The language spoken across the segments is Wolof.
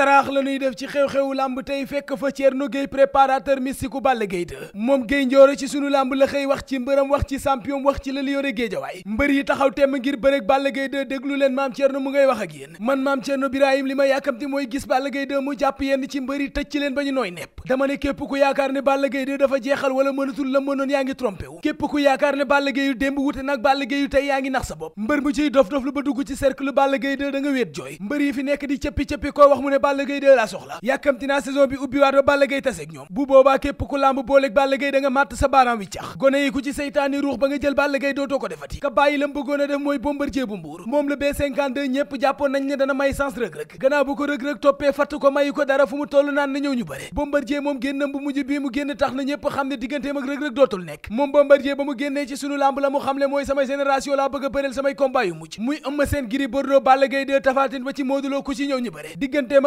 saraax la ñuy def ci xew-xewu lamb tey fekk fa Thierno Gueye préparateur mystique u Balla Gaye moom Gueye njooro ci sunu lamb la xëy wax ci mbërëm wax ci champion wax ci la li yore géejawaay mbër yi taxaw temm ngir bërëg Balla Gaye 2 déglu leen maam Thierno mu ngay wax ak yéen man maam Thierno Birahim li ma yàkkamti mooy gis Balla Gaye mu jàpp yenn ci mbër yi tëj ci leen ba ñu nooy nepp dama ne képp ku yaakaar ne Balla Gaye jeexal wala mënatul la mënoon yaa ngi trompé wu képp ku yaakaar ne Balla ba dugg ci cercle Balla Gaye 2 da nga wéet jooy mbër yi fi nekk di cëppi cëppi ko Balla Gaye 2 laa soxla yàkkamti naa saison bi ubbi waat ba ne mu génnam bu mujj bii mu génn tax na ñépp xam ne digganteem rëg-rëg dootul nekk moom Bombardier ba mu génnee ci sunu làmb la mu xamle mooy sama génération laa bëgg a bëreel samay combat mujj muy Eumeu Sène Gris Bordeaux Balla Gaye 2 Tapha Tine ba ci Modou ku ci ñëw ñu bare digganteem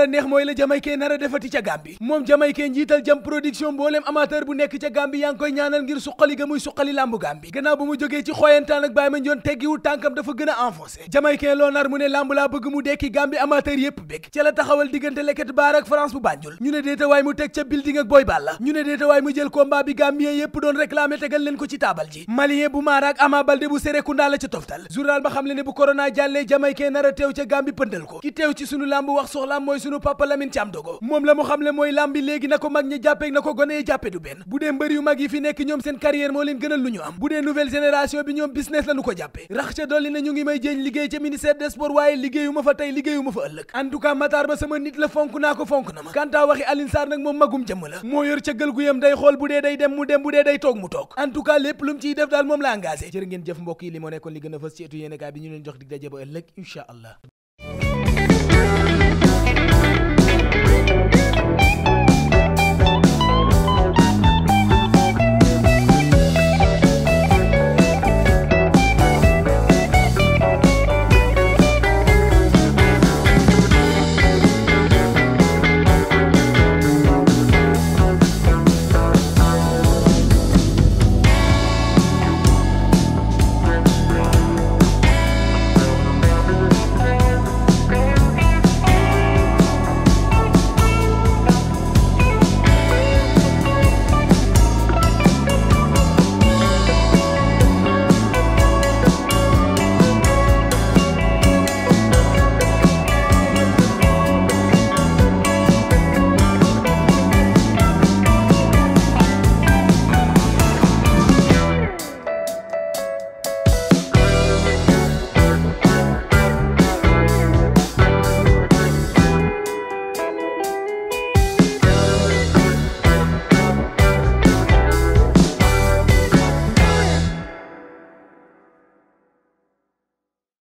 a neex mooy la jamaykee nar a defati ca Gàmbi moom jamaykee njiital jam production mbooleem amateur bu nekk ca Gàmbi yaa ngi koy ñaanal ngir suqali ga muy suqali làmbu Gàmbi gannaaw ba mu jógee ci xooyantaan ak Baye Mandione teggiwul tànkam dafa gën a enfoncé jamaykee loo nar mu ne làmb laa bëgg mu dekki Gàmbi amateur yépp bég ca la taxawal diggante Leket Baar France bu Banjul ñu ne déetawaay mu teg ca building ak Boy Balla ñu ne déetawaay mu jël combat a teew ca Gàmbi pëndal ko ki teew ci sunu làmb wax sunu papa Lamine Thiam Dogo moom la mu xam mooy làmb léegi na ko mag ñi jàppeek na ko gone yi jàppe du benn bu dee mbër yu mag yi fi nekk ñoom seen carrière moo leen gënal lu ñu am bu dee nouvelle génération bi ñoom business la ko jàppe rax ca dolli na ñu ngi may jéeñ liggéey ca ministère des sports waaye liggéeyu ma fa tey liggéeyu fa ëllëg en tout Ba sama nit la fonk naa ko fonk na ma kantaa waxi Alioune Sarr nag moom magum jëmm la moo yor ca gël gu yam day xool bu dee day dem mu dem bu dee day toog mu toog en tout cas lépp lu mu ciy def daal moom la a fës